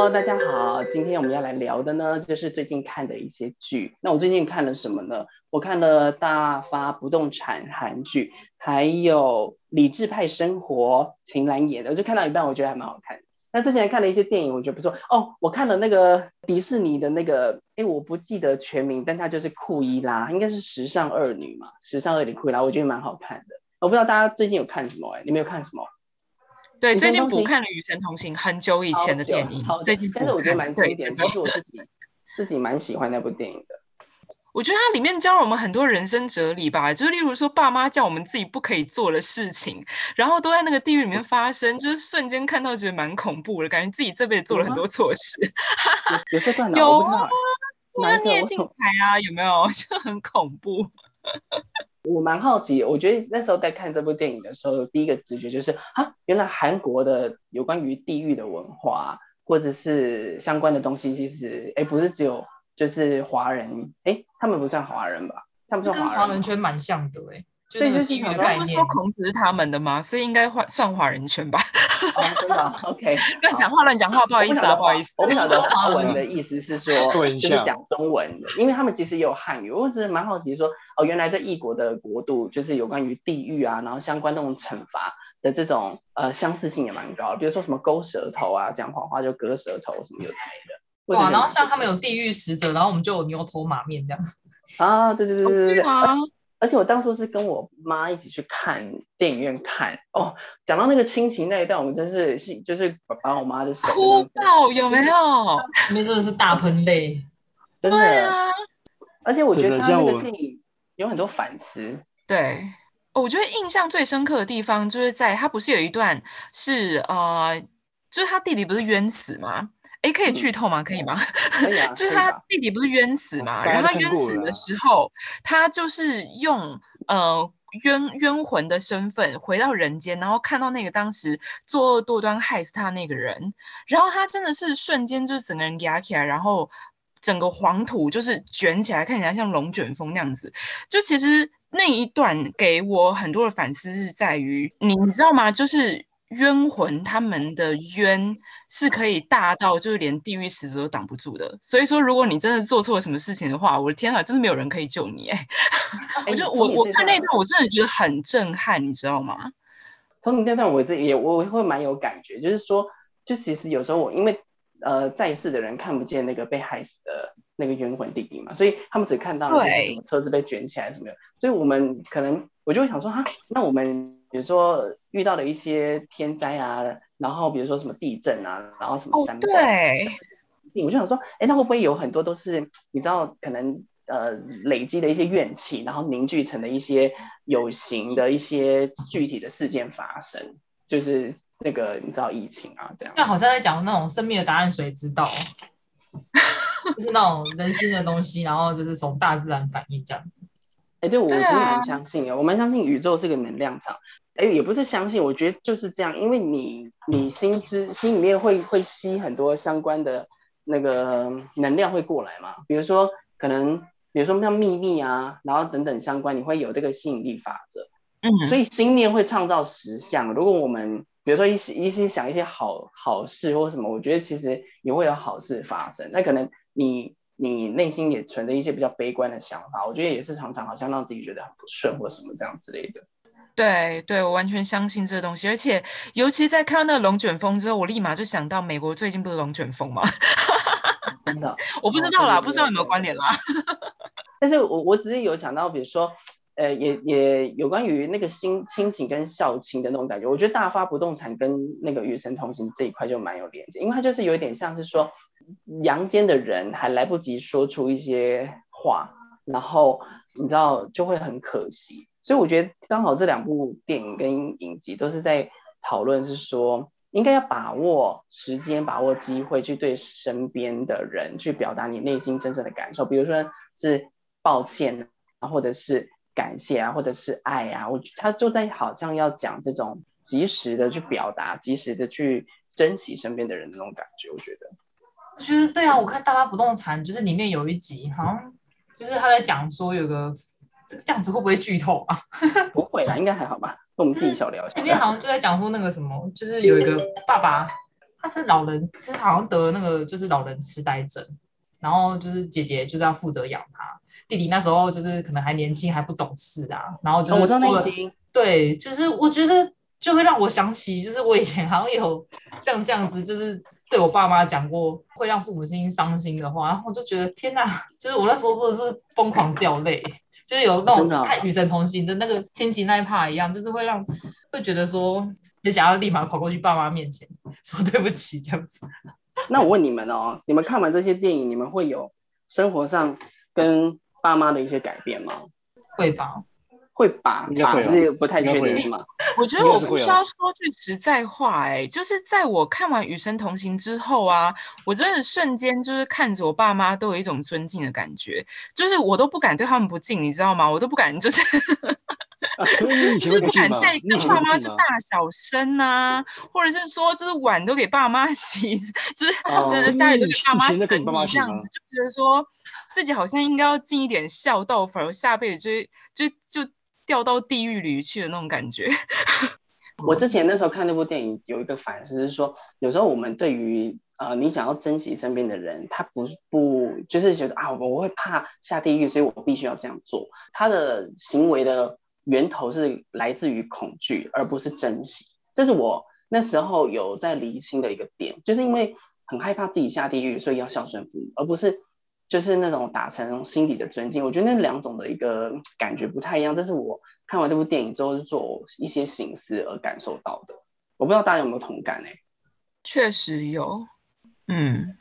哈囉，大家好，今天我們要來聊的呢，就是最近看的一些劇。那我最近看了什麼呢？我看了《大發不動產》韓劇，還有《理智派生活》，秦嵐演的，我就看到一半，我覺得還蠻好看。那之前看了一些電影，我覺得不錯。哦，我看了那個迪士尼的那個，哎，我不記得全名，但它就是庫伊拉，應該是時《時尚惡女》嘛，《時尚惡女庫伊拉》，我覺得蠻好看的。我不知道大家最近有看什麼？哎，你沒有看什麼？對，最近補看了《與神同行》，很久以前的電影。最近，但是我覺得蠻推薦，就是我自己自己蠻喜歡那部電影的。我覺得它裡面教了我們很多人生哲理吧，就是例如說，爸媽叫我們自己不可以做的事情，然後都在那個地獄裡面發生，就是瞬間看到覺得蠻恐怖的，感覺自己這輩子做了很多錯事。有這段的，有嗎？進台啊？有沒有？就很恐怖。我蠻好奇，我覺得那時候在看這部電影的時候，第一個直覺就是啊，原來韓國的有關於地獄的文化，或者是相關的東西，其實哎、欸，不是只有就是華人，哎、欸，他們不算華人吧？他們算華人，華人圈蠻像的哎、欸，所以就是他們不是說孔子是他們的嗎？所以應該算華人圈吧。 哦，真的，OK，亂講話，亂講話，不好意思啊，不，不好意思啊。我不曉得華文的意思是說，就是講中文的， 嗯、因為他們其實也有漢語。我只是蠻好奇說，哦，原來在異國的國度，就是有關於地獄啊，然後相關那種懲罰的這種呃相似性也蠻高。比如說什麼勾舌頭啊，講謊話就割舌頭什麼之類的，的哇，然後像他們有地獄使者，然後我們就有牛頭馬面這樣子啊，對對對對對。Oh, 對。而且我當初是跟我媽一起去看電影院看哦，講到那個親情那一段，我們真是是就是把我媽的手哭到有沒有？ 那真的是大噴淚，真的對啊！而且我覺得他那個電影有很多反思。對，我覺得印象最深刻的地方就是在他不是有一段是啊、呃，就是他弟弟不是冤死嗎？誒，可以劇透嗎？嗯、可以嗎？可以啊、 就是他弟弟不是冤死嘛，啊、然後他冤死的時候，他就是用呃冤冤魂的身份回到人間，然後看到那個當時作惡多端害死他那個人，然後他真的是瞬間就是整個人壓起來，然後整個黃土就是卷起來，看起來像龍捲風那樣子。就其實那一段給我很多的反思，是在於你你知道嗎？就是。冤魂他們的冤是可以大到就是連地獄使者都擋不住的，所以說如果你真的做錯了什麼事情的話，我的天哪，真的沒有人可以救你哎、欸！ 我就我、欸、我看那段我真的覺得很震撼，你知道嗎？從你那段我自己也我會蠻有感覺，就是說，就其實有時候我因為呃在世的人看不見那個被害死的那個冤魂弟弟嘛，所以他們只看到了就是什麼車子被捲起來什麼的，對所以我們可能我就會想說哈，那我們。比如說遇到了一些天災啊，然後比如說什麼地震啊，然後什麼山、啊哦、對，我就想說，哎，那會不會有很多都是你知道，可能呃累積的一些怨氣，然後凝聚成的一些有形的一些具體的事件發生，是就是那個你知道疫情啊這樣。但好像在講那種生命的答案，誰知道， 就是那種人心的東西， 然後就是從大自然反應這樣子。哎，欸、對我是蠻相信的。啊、我蠻相信宇宙是個能量場。哎、欸，也不是相信，我覺得就是這樣，因為你你心知心裡面會會吸很多相關的那個能量會過來嘛，比如說可能比如說像秘密啊，然後等等相關，你會有這個吸引力法則。嗯，所以心念會創造實相。如果我們比如說一心一心想一些好好事或什麼，我覺得其實也會有好事發生。那可能你。你內心也存着一些比較悲觀的想法，我覺得也是常常好像讓自己覺得很不順或什麼這樣之類的。對對，我完全相信這個東西，而且尤其在看到那個龍捲風之後，我立馬就想到美國最近不是龍捲風嗎？真的，我不知道啦， 不知道有沒有關聯啦。 但是我我只是有想到，比如說，呃，也也有關於那個親親情跟孝親的那種感覺。我覺得大發不動產跟那個與神同行這一塊就蠻有連接，因為它就是有點像是說。陽間的人還來不及說出一些話，然後你知道就會很可惜。所以我覺得剛好這兩部電影跟影集都是在討論，是說應該要把握時間、把握機會去對身邊的人去表達你內心真正的感受，比如說是抱歉啊，或者是感謝啊，或者是愛啊，我覺得他就在好像要講這種及時的去表達、及時的去珍惜身邊的人的那種感覺，我覺得。就是對啊，我看《大發不動產》就是裡面有一集，好像就是他在講說有個這個這樣子會不會劇透啊？ 不會啦，應該還好吧。那我們自己小聊一下。裡面好像就在講說那個什麼，就是有一個爸爸，他是老人，就是好像得了那個就是老人癡呆症，然後就是姐姐就是要負責養他，弟弟那時候就是可能還年輕還不懂事啊，然後就是做了。哦，我已經對，就是我覺得就會讓我想起，就是我以前好像有像這樣子，就是。對我爸媽講過會讓父母親傷心的話，然後我就覺得天哪，就是我那時候真的是瘋狂掉淚，就是有那種看與神同行的那個親情那一趴一樣，就是會讓會覺得說也想要立馬跑過去爸媽面前說對不起這樣子。那我問你們哦，你們看完這些電影，你們會有生活上跟爸媽的一些改變嗎？會吧。會，把會吧，不太確定嗎，我覺得我不需要說句實在話，哎、啊，就是在我看完《與神同行》之後啊，我真的瞬間就是看着我爸媽都有一種尊敬的感覺，就是我都不敢對他們不敬，你知道嗎？我都不敢就是，就是不敢再跟爸媽就大小聲吶、啊，啊、或者是說就是碗都給爸媽洗，哦、就是他的家裡都給爸媽洗，這樣，爸媽洗這樣子，就覺得說自己好像應該要盡一點孝道，反而下輩子就就就。就就就掉到地獄裡去的那種感覺。 我之前那時候看那部電影，有一個反思是說，有時候我們對於呃，你想要珍惜身邊的人，他不不就是覺得啊，我會怕下地獄，所以我必須要這樣做。他的行為的源頭是來自於恐懼，而不是珍惜。這是我那時候有在釐清的一個點，就是因為很害怕自己下地獄，所以要孝順父母，而不是。就是那種打從心底的尊敬，我覺得那兩種的一個感覺不太一樣。這是我看完這部電影之後，做一些省思而感受到的。我不知道大家有沒有同感誒、欸？確實有，嗯，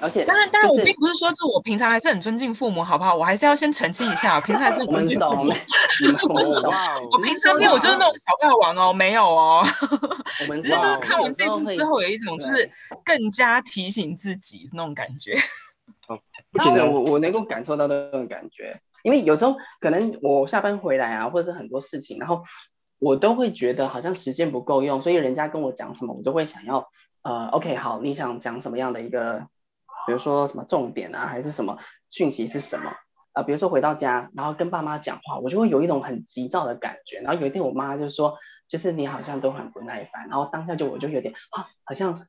而且、就是、當然，但是我並不是說，是我平常還是很尊敬父母，好不好？我還是要先澄清一下，平常還是很尊敬父母。 我，們懂 我平常沒有，就是那種小霸王哦，沒有哦。我們只是說看完這部之後，有一種就是更加提醒自己那種感覺。我覺得我我能夠感受到那種感覺，因為有時候可能我下班回來啊，或者是很多事情，然後我都會覺得好像時間不夠用，所以人家跟我講什麼，我都會想要呃，OK，好，你想講什麼樣的一個，比如說什麼重點啊，還是什麼訊息是什麼啊？呃，比如說回到家，然後跟爸媽講話，我就會有一種很急躁的感覺。然後有一天，我媽就說，就是你好像都很不耐煩。然後當下就我就有點啊，好像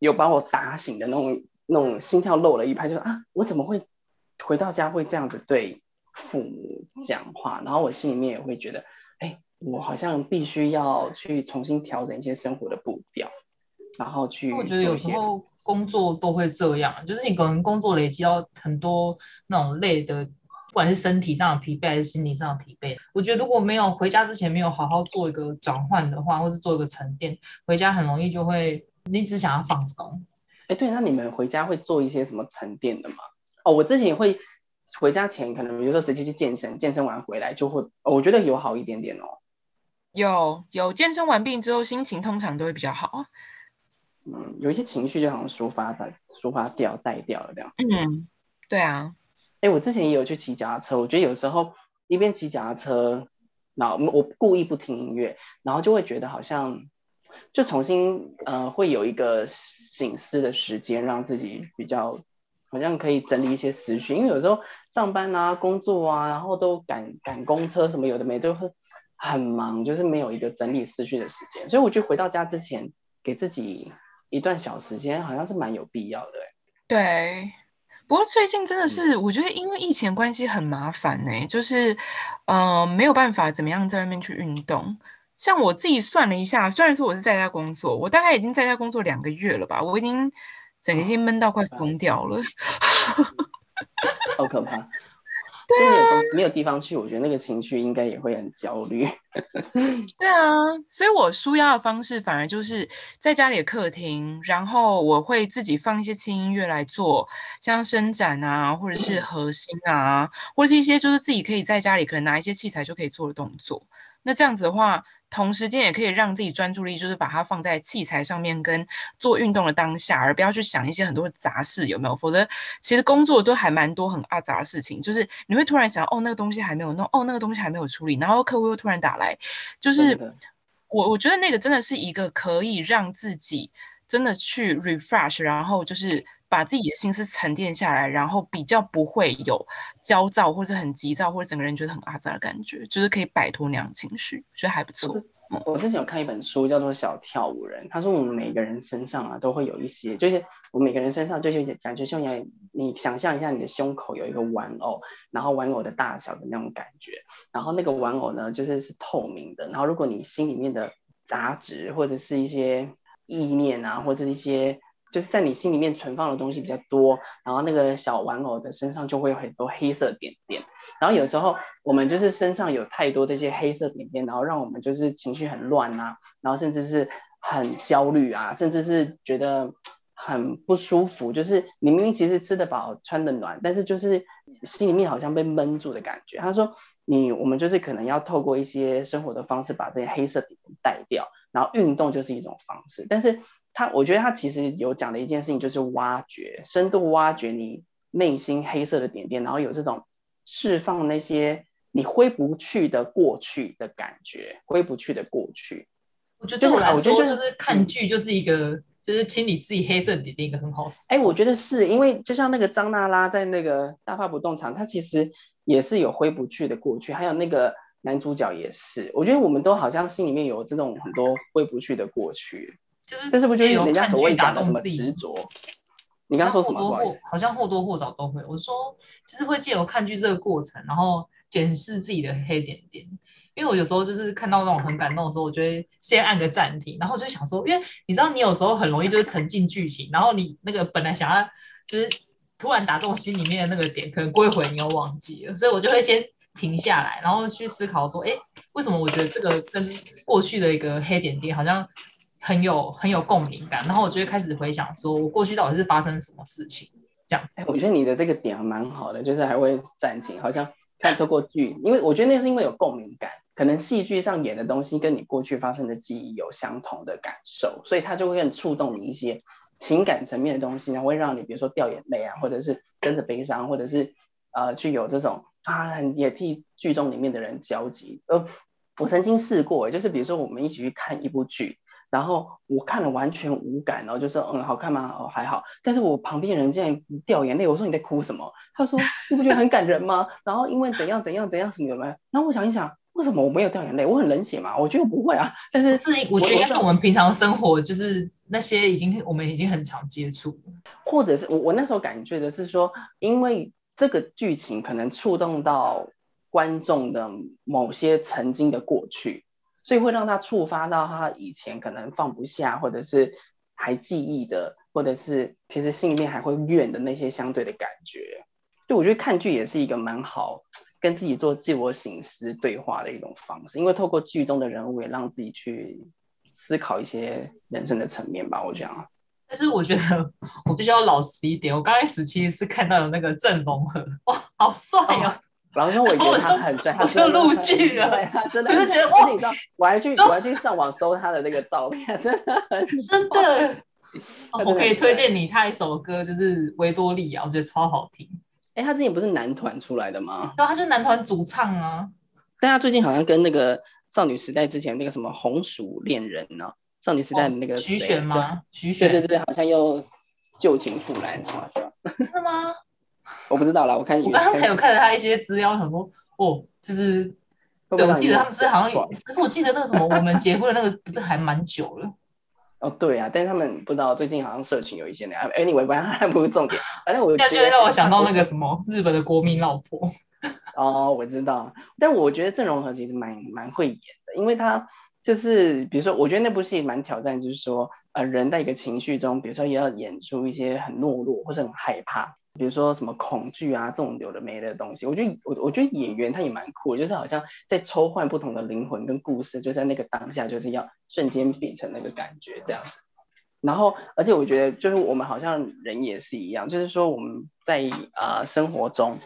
有把我打醒的那種。那種心跳漏了一拍就，就說啊,我怎麼會回到家會這樣子對父母講話？然後我心裡面也會覺得，哎、欸,我好像必須要去重新調整一些生活的步調，然後去。我覺得有時候工作都會這樣，就是你可能工作累積到很多那種累的,不管是身體上的疲憊還是心理上的疲憊。我覺得如果沒有回家之前沒有好好做一個轉換的話，或是做一個沉澱，回家很容易就會你只想要放鬆。哎，對，那你們回家會做一些什麼沉澱的嗎？哦，我之前會回家前，可能比如說直接去健身，健身完回來就會，哦，我覺得有好一點點哦。有有健身完畢之後，心情通常都會比較好。嗯，有一些情緒就好像抒發發抒發掉帶掉了這樣。嗯，對啊。哎，我之前也有去騎腳踏車，我覺得有時候一邊騎腳踏車，然後我故意不聽音樂，然後就會覺得好像。就重新呃會有一個省思的時間，讓自己比較好像可以整理一些思緒，因為有時候上班啊、工作啊，然後都趕趕公車什麼有的沒都會很忙，就是沒有一個整理思緒的時間，所以我覺得回到家之前給自己一段小時間，好像是蠻有必要的、欸、對，不過最近真的是、嗯、我覺得因為疫情關係很麻煩哎、欸，就是呃沒有辦法怎麼樣在外面去運動。像我自己算了一下，雖然說我是在家工作，我大概已經在家工作兩個月了吧，我已經整個已經悶到快瘋掉了、嗯 嗯，好可怕。 對啊，沒有地方去，我覺得那個情緒應該也會很焦慮。 對啊，所以我舒壓的方式反而就是在家裡的客廳，然後我會自己放一些輕音樂來做，像伸展啊，或者是核心啊，或者是一些就是自己可以在家裡可能拿一些器材就可以做的動作。那這樣子的話，同時間也可以讓自己專注力，就是把它放在器材上面跟做運動的當下，而不要去想一些很多雜事，有沒有？否則，其實工作都還蠻多很阿雜的事情，就是你會突然想，哦，那個東西還沒有弄，哦，那個東西還沒有處理，然後客戶又突然打來，就是，對對對，我我覺得那個真的是一個可以讓自己真的去 refresh，然後就是。把自己的心思沉澱下來，然後比較不會有焦躁或者很急躁，或者整個人覺得很阿雜的感覺，就是可以擺脫那樣情緒，所以還不錯。我之前有看一本書叫做《小跳舞人》，他說我們每個人身上啊都會有一些，就是我們每個人身上就是感覺像你，你想象一下，你的胸口有一個玩偶，然後玩偶的大小的那種感覺，然後那個玩偶呢就是是透明的，然後如果你心裡面的雜質或者是一些意念啊，或者一些。就是在你心裡面存放的東西比較多，然後那個小玩偶的身上就會有很多黑色點點，然後有時候我們就是身上有太多這些黑色點點，然後讓我們就是情緒很亂啊，然後甚至是很焦慮啊，甚至是覺得很不舒服，就是你明明其實吃得飽、穿得暖，但是就是心裡面好像被悶住的感覺。他說，你我們就是可能要透過一些生活的方式把這些黑色點點帶掉，然後運動就是一種方式，但是。他我覺得他其實有講的一件事情，就是挖掘深度，挖掘你內心黑色的點點，然後有這種釋放那些你揮不去的過去的感覺，揮不去的過去。我覺得對我來說，就是看劇就是一個，嗯、就是清理自己黑色的點點一個很好事。哎，我覺得是因為就像那個張娜拉在那個大發不動產，他其實也是有揮不去的過去，還有那個男主角也是。我覺得我們都好像心裡面有這種很多揮不去的過去。就是你，這是不就得你家看劇打動自己執着？ 你剛剛說什麼？好像或多或，好像或多或少都會。我說，就是會借由看劇這個過程，然後檢視自己的黑點點。因為我有時候就是看到那種很感動的時候，我就會先按個暫停，然後就想說，因為你知道，你有時候很容易就是沉浸劇情，然後你那個本來想要就是突然打動心裡面的那個點，可能過一會你又忘記了，所以我就會先停下來，然後去思考說，哎，為什麼我覺得這個跟過去的一個黑點點好像？很有很有共鳴感，然後我就會開始回想說，說我過去到底是發生什麼事情這樣。欸、我覺得你的這個點蠻好的，就是還會暫停，好像看透過劇， 因為我覺得那是因為有共鳴感，可能戲劇上演的東西跟你過去發生的記憶有相同的感受，所以它就會更觸動你一些情感層面的東西呢，然後會讓你比如說掉眼淚啊，或者是跟着悲傷，或者是呃去有這種啊，也替劇中裡面的人焦急。呃，我曾經試過，就是比如說我們一起去看一部劇。然後我看了完全無感，然後就說，嗯，好看嗎？哦，還好。但是我旁邊人竟然掉眼淚，我說，你在哭什麼？他說 你不覺得很感人嗎？然後因為怎樣怎樣怎樣什麼的。然後我想一想，為什麼我沒有掉眼淚？我很冷血嘛？我覺得不會啊。但是，我，是我覺得是我，說我，我們平常生活，就是那些已經我們已經很常接觸，或者是我我那時候感覺的是說，因為這個劇情可能觸動到觀眾的某些曾經的過去。所以會讓他觸發到他以前可能放不下，或者是還記憶的，或者是其實心裡面還會怨的那些相對的感覺。就我覺得看劇也是一個蠻好跟自己做自我省思對話的一種方式，因為透過劇中的人物也讓自己去思考一些人生的層面吧。我覺得，但是我覺得我必須要老實一點，我剛開始其實是看到的那個鄭容和，哇，好帥喲、哦。Oh. 然後因為我覺得他很帥，他就錄劇了呀，真的，我就覺得我還去我還去上網搜他的那個照片，真的很帥。真的，我可以推薦你他一首歌，就是維多利亞，我覺得超好聽。哎，他之前不是男團出來的嗎？對，他是男團主唱啊。但他最近好像跟那個少女時代之前那個什麼紅薯戀人呢？少女時代的那個徐玄嗎？徐玄，對對對，好像又舊情復燃，是嗎？我不知道啦，我看你。我剛才有看到他一些資料，我想說哦，就是會會，我記得他們是好像有，可是我記得那個什麼， 我們結婚的那個不是還蠻久了。哦，對啊，但是他們不知道最近好像社群有一些那，哎，你無關，還不是重點。反正我覺得。那就讓我想到那個什麼日本的國民老婆。哦，我知道，但我覺得鄭容和其實蠻蠻，蠻會演的，因為他就是比如說，我覺得那部戲蠻挑戰，就是說呃人在一個情緒中，比如說也要演出一些很懦弱或者很害怕。比如說什麼恐懼啊，這種有的沒的東西，我覺得我我覺得演員他也蠻酷，就是好像在抽換不同的靈魂跟故事，就在那個當下就是要瞬間變成那個感覺，這樣子。然後，而且我覺得就是我們好像人也是一樣，就是說我們在啊、呃、生活中，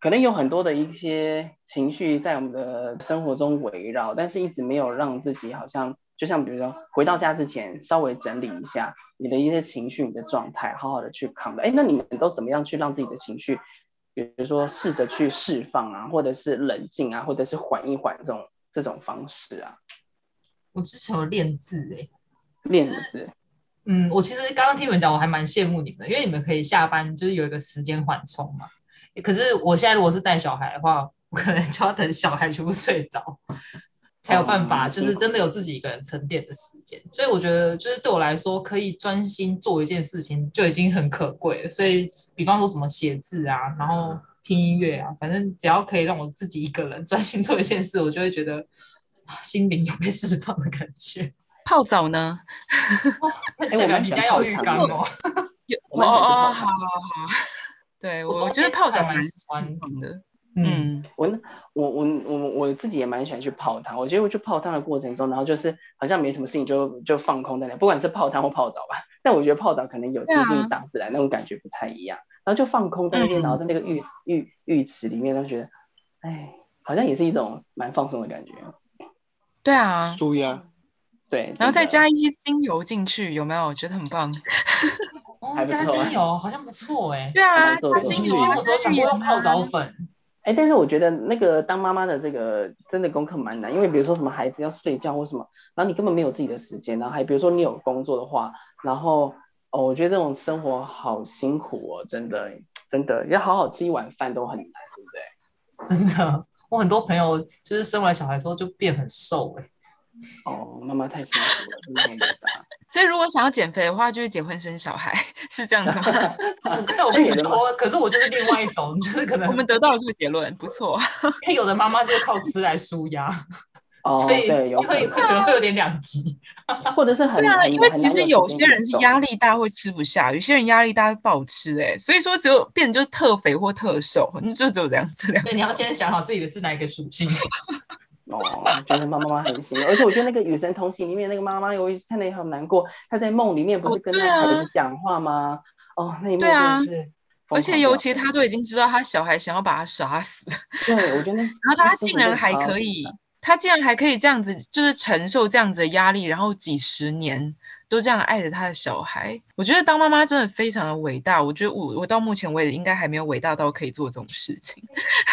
可能有很多的一些情緒在我們的生活中圍繞，但是一直沒有讓自己好像。就像比如說回到家之前，稍微整理一下你的一些情緒、你的狀態，好好的去扛。哎，那你們都怎麼樣去讓自己的情緒？比如說試着去釋放啊，或者是冷靜啊，或者是緩一緩這種這種方式啊。我之前有練字哎，練字，字。嗯，我其實剛剛聽你們講，我還蠻羨慕你們，因為你們可以下班就是有一個時間緩衝嘛。可是我現在如果是帶小孩的話，我可能就要等小孩全部睡着。才有辦法，就是真的有自己一個人沉澱的時間。所以我覺得，就是對我來說，可以專心做一件事情，就已經很可貴了。所以，比方說什麼寫字啊，然後聽音樂啊，反正只要可以讓我自己一個人專心做一件事，我就會覺得心靈有被釋放的感覺。泡澡呢？哎 欸，我們家有浴缸哦。哦哦， 好好好。對，我覺得泡澡蠻喜歡的。嗯，嗯，我我我我我自己也蠻喜歡去泡湯。我覺得我去泡湯的過程中，然後就是好像沒什麼事情就，就就放空在那。不管是泡湯或泡澡吧，但我覺得泡澡可能有接近大自然那種感覺不太一樣。啊、然後就放空在那邊，嗯、然後在那個浴浴浴池裡面，都覺得，哎，好像也是一種蠻放鬆的感覺。對啊，意啊，對。然後再加一些精油進去，有沒有？我覺得很棒。 哦，啊、加精油好像不錯哎、欸。對啊，加精油我只有想過用泡澡粉。哎，但是我覺得那個當媽媽的這個真的功課蠻難，因為比如說什麼孩子要睡覺或什麼，然後你根本沒有自己的時間，然後還比如說你有工作的話，然後哦，我覺得這種生活好辛苦哦，真的真的要好好吃一碗飯都很難，對不對？真的，我很多朋友就是生完小孩之後就變很瘦欸。哦，媽媽太辛苦了，真的很大。 所以如果想要減肥的話，就是結婚生小孩，是這樣子嗎？那、啊啊、我跟你說，啊、可是我就是另外一種， 就是可能我們得到了這個結論，不錯。因 為有的媽媽就是靠吃來舒壓，哦、所以對有可能、啊、可能會有點兩極， 或者是很啊對啊。因為其實有些人是壓力大會吃不下，有些人壓力大會暴吃、欸，哎，所以說只有變成就是特肥或特瘦，你就只有這樣子。所以你要先想好自己的是哪一個屬性。 哦， 覺得媽媽媽很辛苦，而且我覺得那個《與神同行》裡面那個媽媽，我一看得也很難過。她在夢裡面不是跟那個孩子講話嗎？哦、啊、哦，那一幕真的是。對啊。而且尤其她都已經知道她小孩想要把她殺死。對，我覺得。然後她竟然還可以，她竟然還可以這樣子，就是承受這樣子的壓力，然後幾十年都這樣愛着她的小孩。我覺得當媽媽真的非常的偉大。我覺得我我到目前為止應該還沒有偉大到可以做這種事情。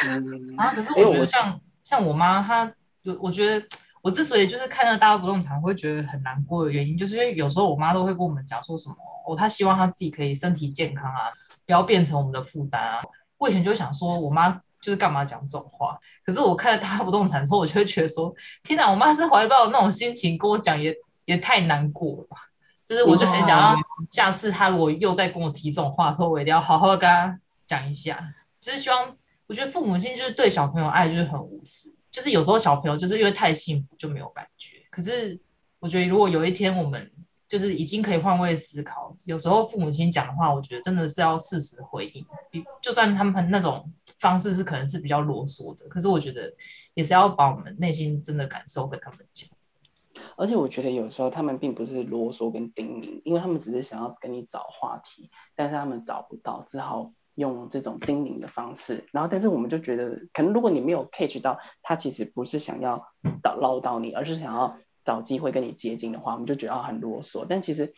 嗯、 啊，可是我覺得像我像我媽她。就我覺得，我之所以就是看到大發不動產我會覺得很難過的原因，就是因為有時候我媽都會跟我們講說什麼，哦，她希望她自己可以身體健康啊，不要變成我們的負擔啊。我以前就想說，我媽就是幹嘛講這種話？可是我看到大發不動產之後，我就會覺得說，天哪，我媽是懷抱那種心情跟我講，也也太難過了吧。就是我就很想要，下次她如果又再跟我提這種話的時候，我一定要好好的跟她講一下。就是希望，我覺得父母親就是對小朋友愛就是很無私。就是有時候小朋友就是因為太幸福就沒有感覺。可是我覺得如果有一天我們就是已經可以換位思考，有時候父母親講的話，我覺得真的是要適時回應。就算他們那種方式是可能是比較囉嗦的，可是我覺得也是要把我們內心真的感受跟他們講。而且我覺得有時候他們並不是囉嗦跟叮嚀，因為他們只是想要跟你找話題，但是他們找不到，只好……用這種叮嚀的方式，然後，但是我們就覺得，可能如果你沒有 catch 到他，其實不是想要叨嘮叨你，而是想要找機會跟你接近的話，我們就覺得很囉嗦。但其實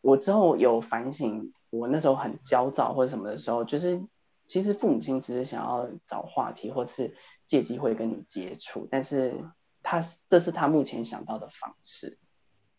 我之後有反省，我那時候很焦躁或者什麼的時候，就是其實父母親只是想要找話題，或是借機會跟你接觸，但是他這是他目前想到的方式，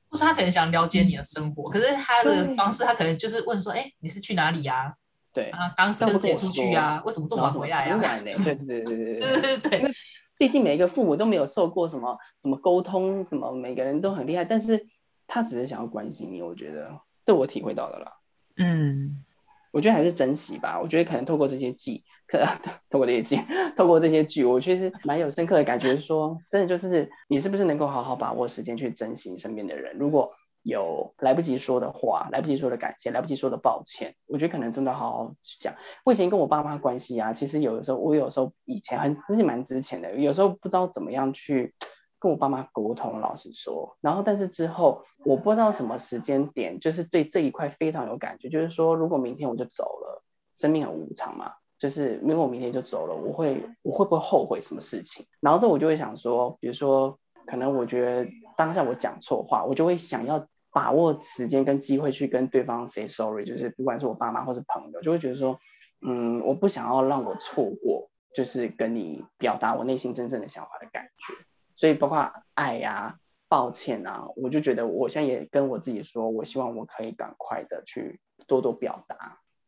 或是他可能想了解你的生活，可是他的方式，他可能就是問說，對哎，你是去哪裡呀、啊？對啊，剛跟誰出去啊，為什麼這麼晚回來呀，啊？很晚嘞。對對對對對對對對。因為畢竟每一個父母都沒有受過什麼什麼溝通，什麼每個人都很厲害，但是他只是想要關心你。我覺得這我體會到的了。嗯，我覺得還是珍惜吧。我覺得可能透過這些劇，透過透過這些透過這些劇，我確實蠻有深刻的感覺說，說真的就是你是不是能夠好好把握時間去珍惜身邊的人？如果有來不及說的話，來不及說的感謝，來不及說的抱歉，我覺得可能真的好好講。我以前跟我爸媽關係啊，其實有的時候我有時候以前很其實蠻之前的，有時候不知道怎麼樣去跟我爸媽溝通，老實說。然後但是之後我不知道什麼時間點，就是對這一塊非常有感覺，就是說如果明天我就走了，生命很無常嘛，就是如果我明天就走了，我會我會不會後悔什麼事情？然後這我就會想說，比如說可能我覺得當下我講錯話，我就會想要。把握時間跟機會去跟對方 say sorry，就是不管是我爸媽或是朋友，就會覺得說，嗯，我不想要讓我錯過，就是跟你表達我內心真正的想法的感覺。所以包括愛呀、啊、抱歉啊，我就覺得我現在也跟我自己說，我希望我可以趕快的去多多表達。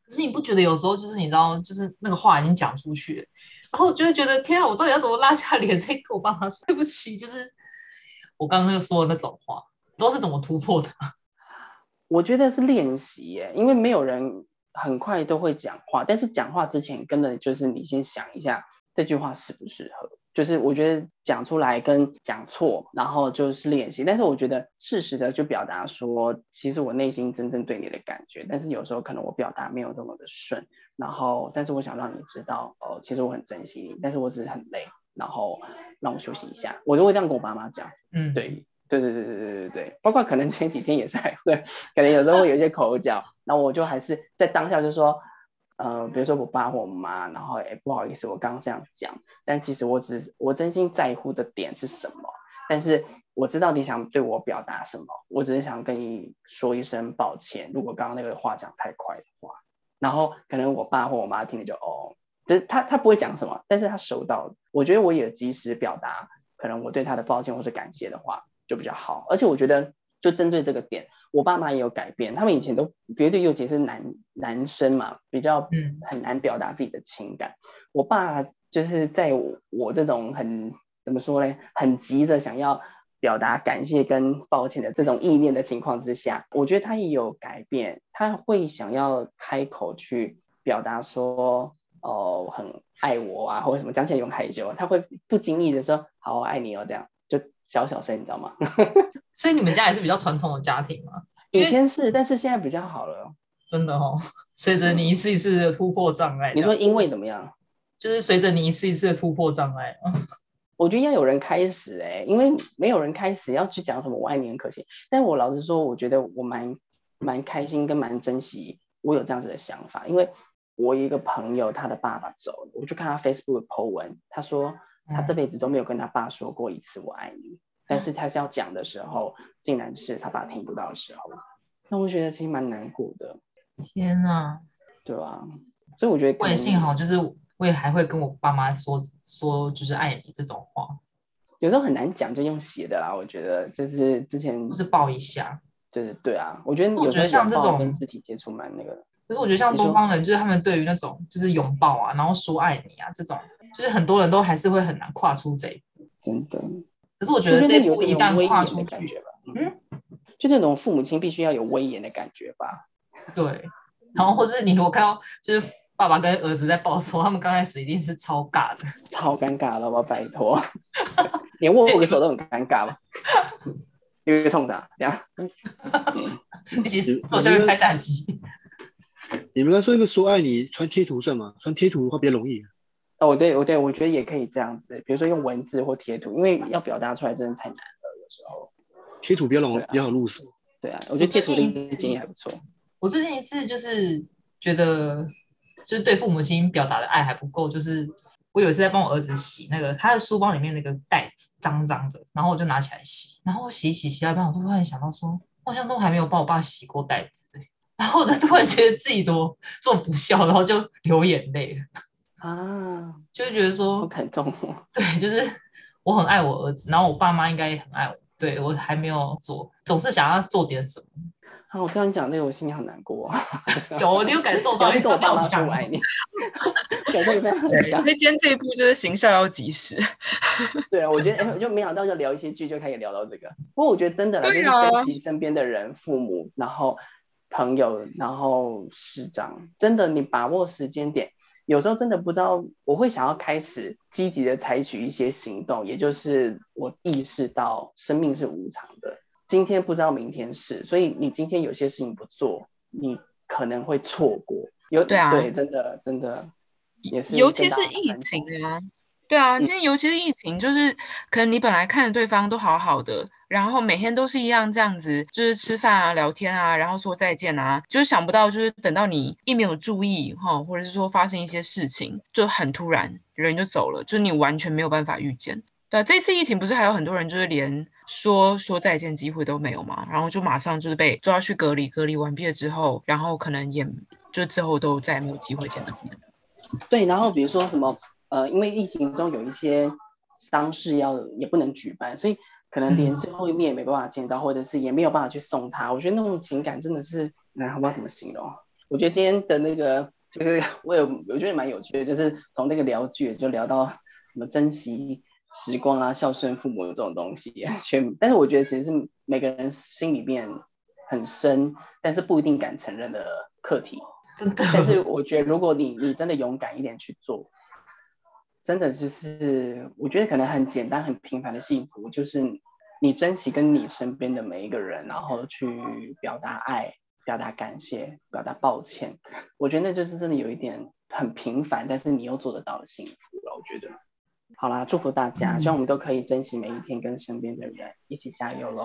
可是你不覺得有時候就是你知道，就是那個話已經講出去了，然後就會覺得天啊，我到底要怎麼拉下臉再跟我爸媽說對不起？就是我剛剛又說了那種話。都是怎麼突破的？我覺得是練習耶，因為沒有人很快都會講話，但是講話之前，跟著就是你先想一下這句話適不適合，就是我覺得講出來跟講錯，然後就是練習。但是我覺得適時的就表達說，其實我內心真正對你的感覺，但是有時候可能我表達沒有這麼的順，然後但是我想讓你知道，哦，其實我很珍惜你，但是我只是很累，然後讓我休息一下，我就會這樣跟我爸媽講。嗯，對。對對對對對對對，包括可能前幾天也是在會，可能有時候會有一些口角，那我就還是在當下就說，呃，比如說我爸或我媽，然後哎、欸、不好意思，我剛剛這樣講，但其實我只是我真心在乎的點是什麼，但是我知道你想對我表達什麼，我只是想跟你說一聲抱歉，如果剛剛那個話講太快的話，然後可能我爸或我媽聽了就哦，就是他他不會講什麼，但是他收到，我覺得我也及時表達可能我對他的抱歉或是感謝的話就比較好，而且我覺得，就針對這個點，我爸媽也有改變。他們以前都絕對，尤其是男男生嘛比較嗯很難表達自己的情感。嗯、我爸就是在我，我這種很怎麼說呢，很急着想要表達感謝跟抱歉的這種意念的情況之下，我覺得他也有改變，他會想要開口去表達說，哦、呃，很愛我啊，或者什麼講起來有點害羞，他會不經意的說，好，我愛你哦，這樣。就小小聲，你知道嗎？ 所以你們家也是比較傳統的家庭嗎？以前是，為但是現在比較好了，真的哦。隨着你一次一次的突破障礙，嗯，你說因為怎麼樣？就是隨着你一次一次的突破障礙， 我覺得要有人開始哎、欸，因為沒有人開始要去講什麼我愛你很可惜。但我老實說，我覺得我蠻蠻開心跟蠻珍惜我有這樣子的想法，因為我一個朋友他的爸爸走了，我就看他 Facebook 的 po 文，他說。嗯、他這輩子都沒有跟他爸說過一次“我愛你”，但是他是要講的時候，嗯、竟然是他爸聽不到的時候，那我覺得其實蠻難過的。天啊、嗯。對啊。所以我覺得，我也幸好就是，我也還會跟我爸媽說說，說就是“愛你”這種話，有時候很難講，就用寫的啦。我覺得就是之前不是抱一下，就是對啊，我覺得有時候像這種，跟肢體接觸蠻那個。嗯可是我覺得像東方人，就是他們對於那種就是擁抱啊，說然後說愛你啊這種，就是很多人都還是會很難跨出這一步。真的。可是我覺得這一步一旦跨出有，有的感覺吧，嗯，就這種父母親必須要有威嚴的感覺吧。對。然後或是你，我看到就是爸爸跟兒子在暴走，他們剛開始一定是超尬的。超尷尬了，我拜托。你 握握個手都很尷尬嗎？ 因為衝啥、啊？倆。一起 坐我下面拍大戲。覺 你們剛說一個說愛你穿貼圖是嗎？穿貼圖的話比較容易、啊。哦，對我對我覺得也可以這樣子，比如說用文字或貼圖，因為要表達出來真的太難了，有時候。貼圖比較容易，啊、比較好入手。對啊，我覺得貼圖的。的意思次經驗還不錯。我最近一次就是覺得就是對父母親表達的愛還不夠，就是我有一次在幫我兒子洗那個他的書包裡面那個袋子髒脏的，然後我就拿起來洗，然後洗一洗洗，到一半我就突然想到說，我好像都還沒有幫我爸洗過袋子、欸。然後我就突然覺得自己怎麼做不孝，然後就流眼淚啊，就覺得說不感動、啊，對，就是我很愛我兒子，然後我爸媽應該也很愛我，對我還沒有做，總是想要做點什麼。好、啊，我剛剛講的那，我心裡很難過、啊，我 有，有感受到，我要是跟我爸媽說我愛你。 感很對，因為今天這一步就是行孝要及時。 對啊，我覺得我就沒想到，就聊一些劇，就開始聊到這個。不過我覺得真的，對啊、就是珍惜身邊的人，父母，然後。朋友，然後市長，真的，你把握時間點，有時候真的不知道，我會想要開始積極的採取一些行動，也就是我意識到生命是無常的，今天不知道明天事，所以你今天有些事情不做，你可能會錯過。有對啊，對，真的真的也是，尤其是疫情啊。對啊，其實尤其是疫情，就是可能你本來看著對方都好好的，然後每天都是一樣這樣子，就是吃飯啊、聊天啊，然後說再見啊，就是想不到，就是等到你一沒有注意或者是說發生一些事情，就很突然人就走了，就是你完全沒有辦法預見。對啊，這次疫情不是還有很多人就是連說說再見機會都沒有嗎？然後就馬上就是被抓去隔離，隔離完畢了之後，然後可能也就之後都再也沒有機會見到面。對，然後比如說什麼？呃，因為疫情中有一些喪事要也不能舉辦，所以可能連最後一面也沒辦法見到，嗯、或者是也沒有辦法去送他。我覺得那種情感真的是，哎、嗯，我不知道怎麼形容。我覺得今天的那個，就是我有，我覺得蠻有趣的，就是從那個聊劇就聊到什麼珍惜時光啊，孝順父母這種東西，全。但是我覺得其實是每個人心裡面很深，但是不一定敢承認的課題。真的。但是我覺得，如果你你真的勇敢一點去做。真的就是，我覺得可能很簡單、很平凡的幸福，就是你珍惜跟你身邊的每一個人，然後去表達愛、表達感謝、表達抱歉。我覺得那就是真的有一點很平凡，但是你又做得到的幸福了。我覺得。好啦，祝福大家，嗯、希望我們都可以珍惜每一天跟身邊的人一起加油嘍！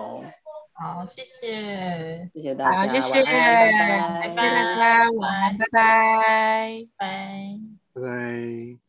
好，謝謝，謝謝大家，好謝謝，拜拜，拜拜拜拜，拜拜，拜拜。拜拜。